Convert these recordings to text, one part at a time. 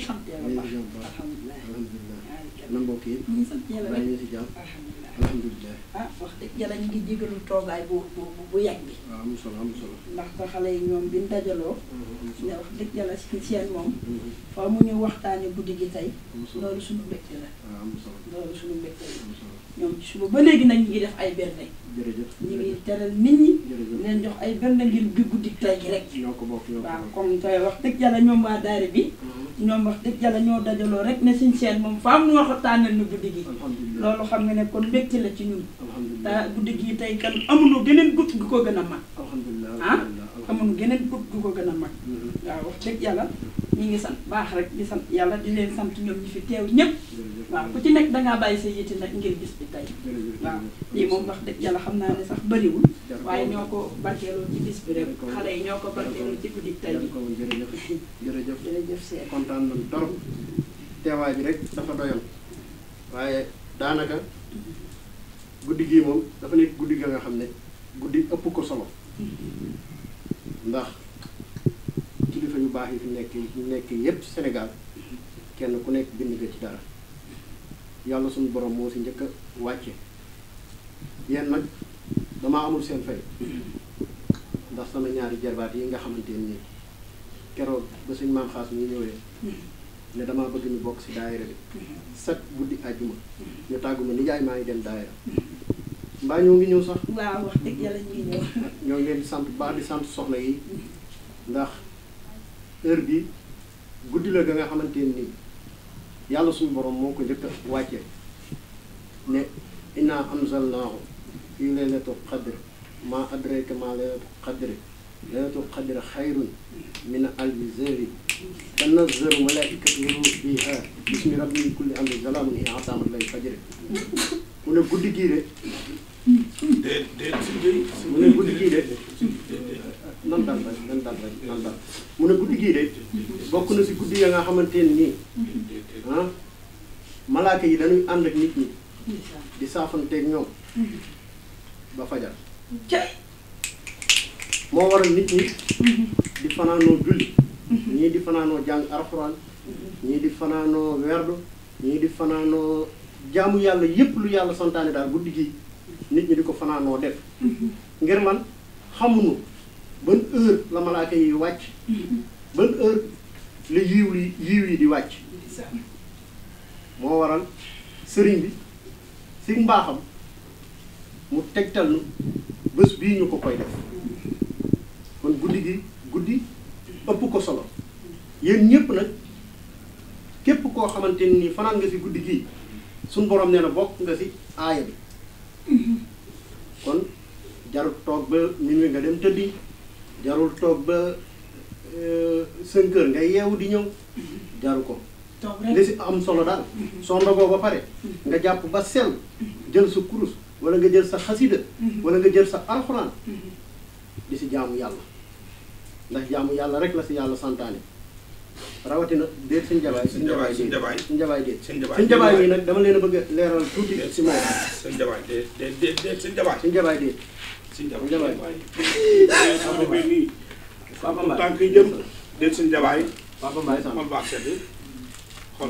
sant yàlla bu baax alhamdulilah alhamdulilah nan mbokk yi ñu ngi sant yàlla rek ñu ah wax dëgg yàlla ñu ngi jégalu toogaay bu bu bu yàgg bi waaw ndax ba xale yi ñoom bi dajaloo mm-hmm, ne wax dëgg yàlla si moom mm-hmm. fa mu ñu waxtaane guddi gi tey loolu suñu mbégte la ah, loolu suñu mbégte la ñoom suba ba léegi nag ñu ngi def ay berne ñu ngi teral nit ñi leen jox ay berne ngir bi guddi tey gi rek waaw comme tey wax dëgg yàlla ñoom waa bi ñoom wax dëgg yàlla ñoo dajaloo rek ne suñ seen moom faam nu wax tànnal ñu guddi gi loolu xam nga ne kon mbégte la ci ñun te guddi gi tey kan amuñu geneen gudd gu ko gën a mag ah amuñu geneen gudd gu ko gën a mag mm-hmm. waaw wax dëgg yàlla ñi ngi sa baax rek di sa yàlla di leen sant ñoom ñi fi teew ñëpp waaw ku ci nekk dangaa bàyyi sa yitte nag ngir gis bi tey waaw lii moom wax dëgg yàlla xam naa ne sax bëriwul waaye ñoo ko barkeeloo ci bis bi rek xale yi ñoo ko barkeeloo ci guddi tey jërëjëf jërëjëf jërëjëf seen kontaan nañ torop teewaay bi rek dafa doyal waaye daanaka guddi gii moom dafa nekk guddi ga nga xam ne guddi ëpp ko solo ndax kilifa yu baax yi fi nekk yi nekk yépp Sénégal kenn ku nekk bind nga ci dara yàlla suñu borom moo si njëkk a wàcce yenn nag damaa amul seen fay ndax sama ñaari jarbaat yi nga xamante ni keroog ba suñ maam xaas ñu ñëwee ne damaa bëgg ñu bokk si daayira bi set guddi àjjuma ñu tàggu ma nijaay maa ngi dem daayira mbaa ñoo ngi ñëw sax waaw wax dëgg yàlla ñu ngi ñëw ñoo ngi di sant baax di sant soxna yi ndax heure bi guddi la ga nga xamante ni yàlla suñu borom moo ko njëkk a wàcce ne inna anzalnaahu fii laylatul qadr maa adraka maa laylatul qadri laylatul qadri xayrun min alfi shahrin tanazzalu malaa'ikatu warruuhu fiihaa bismi rabbi kulli amri salaamun hiya hattaa matla'il fajri mu ne guddi gii de mu ne guddi gii de nan dal rek mu ne guddi gii de na si guddi ya nga xamante nii ah malaaka yi dañuy ànd ak nit ñi di saafanteeg ñoom ba fajar moo waral nit ñi di fanaanoo julli ñii di fanaanoo jàng alxuraan ñii di fanaanoo werdu ñii di fanaanoo jaamu yàlla yépp lu yàlla santaane daal guddi gi nit ñi di ko fanaanoo def ngir lan xamuñu ban heure la malaaka yi wàcc ban heure la yiiw yi yi di wàcc moo waral sëriñ bi si mbaaxam mu tegtal nu bés bii ñu ko koy def kon guddi gi guddi ëpp ko solo yéen ñëpp nag képp koo xamante ni fanaan nga si guddi gii suñ borom ne na bokk nga si aaya bi kon jarul toog ba minuit nga dem tëddi jarul toog ba 5 euh, heures ngay yeewu di ñëw jaru ko li si am solo daal mm-hmm. soo ndogoo ba pare mm-hmm. nga jàpp ba sel jël sa kurus wala nga jël sa xasida mm-hmm. wala nga jël sa alxuraan di si jaamu yàlla ndax jaamu yàlla rek la si yàlla santaane rawatina déet suñ jabaay suñ jabaay suñ jabaay suñ jabaay déet suñ jabaay mii nag dama leen bëgg a leeral tuuti si suñ jabaay déet déet déet suñ jabaay suñ jabaay déet suñ jabaay papa mbaay tànk yi jëm déet suñ jabaay papa mbaay sama baax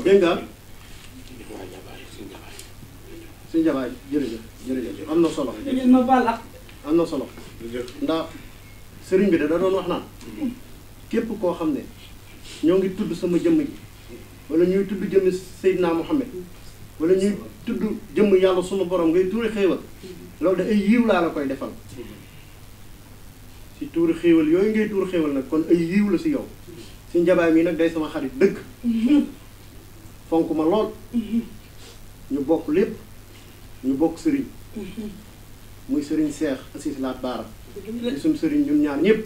dégg nga suñu jabaay jërëjëf jërëjëf am na solo ma baal ak am na solo ndax sëriñ bi da doon wax naan képp koo xam ne ñoo ngi tudd sama jëmm ji wala ñuy tudd jëmm Seydina Muhammad wala ñuy tudd jëmm yàlla suma borom ngay tuuri xéewal loolu da ay yiiw laa la koy defal si tuuri xéewal yooyu ngay tuur xéewal nag kon ay yiiw la si yow si jabaay mii nag day sama xarit dëgg fonk ma lool ñu bokk lépp ñu bokk sëriñ muy sëriñ seex assis laat baara di suñ sëriñ ñun ñaar ñëpp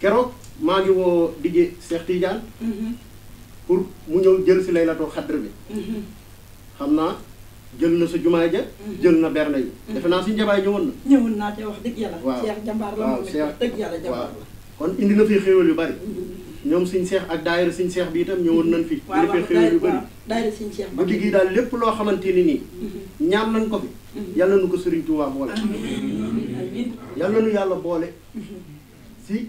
keroog maa ngi woo dige seex Tidiane pour mu ñëw jël si laylatul xadr bi xam naa jël na sa jumaay ja jël na berne yi defe naa si njabaay ñëwoon na ñëwoon naa wax dëgg yàlla waaw seex jambaar yàlla kon indi na fi xéewal yu bari ñoom suñ seex ak daayira suñ seex bi itam ñëwoon nañ fi. waaw waaw daayira waaw daayira suñ seex ba guddi gi daal lépp loo xamante ni nii. Mm-hmm. ñaan nañ ko fi. Mm-hmm. yàlla nu ko Serigne Touba boole. yàlla nu yàlla boole. Mm-hmm. si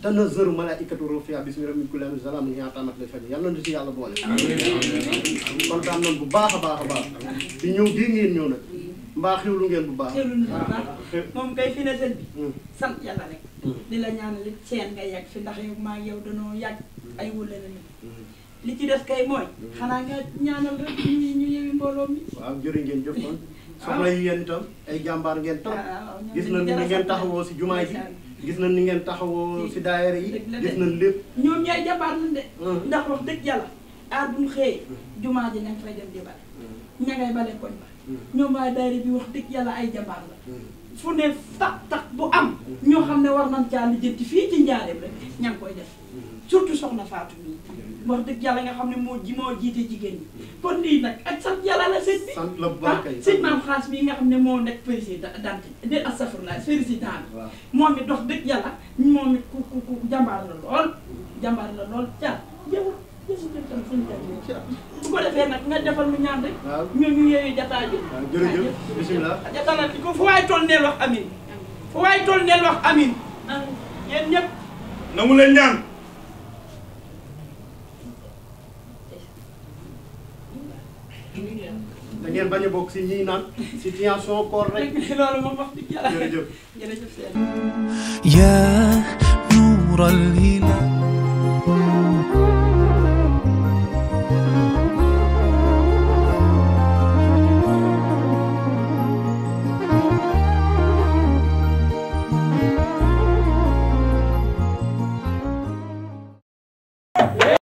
tanazzalu malaa'ikatu ruufiha bismi rabbihim kulli amrin salaamun hiya hattaa matla'il fajr yàlla nu si yàlla boole. kontaan nañ bu baax baax a baax. di ñëw bii ngeen ñëw nag. mbaa xewlu ngeen ngeen bu baax moom kay fi ne sëñ bi. Mm. sant yàlla Mm. di la ñaan it seen nga yàgg fi ndax yow maa yow danoo yàgg mm. ay wëla la mm. li ci def kay mooy xanaa nga ñaanal rek ñu ñu yewi mbooloo mi waaw jërë ngeen jëf kon soxla yu yéen itam ay jàmbaar ngeen tam ah, gis nañ ni ngeen taxawoo si juma ji gis nañ ni ngeen taxawoo si daayira yi gis nañ lépp ñoom ñooy jàmbaar lañ de ndax wax dëgg yàlla aar bu ñu xëyee ji nañ fay dem di bale ña ngay bale koñ ba ñoom waaye daayira bi wax dëgg yàlla ay jàmbaar la fu ne tak tak bu am ñoo xam ne war nañ caa lijjanti fii ci njaareem rek ña ngi koy def surtout soxna Fatou mii wax dëgg yàlla nga xam ne moo ji moo jiite jigéen ñi kon lii nag ak sant yàlla la sëñ bi sant la bu baax kay ah, maam xaas mii nga xam ne moo nekk président dante di astafurlah président bi moom it dox dëgg yàlla moom it ku ku ku jàmbaar la lool jàmbaar la lool jaar jëwal bu ko defee nag nga defal mu ñaan rek. waaw ñun ñu yeeyu jataay bi. waaw jërëjëf bisimilah. jataay bi fu waay toll neel wax amin fu waay toll neel amin nangu leen ñaan. ngeen bañ a bokk si ñiy naan situation koor rek. loolu moom wax dëgg yàlla jërëjëf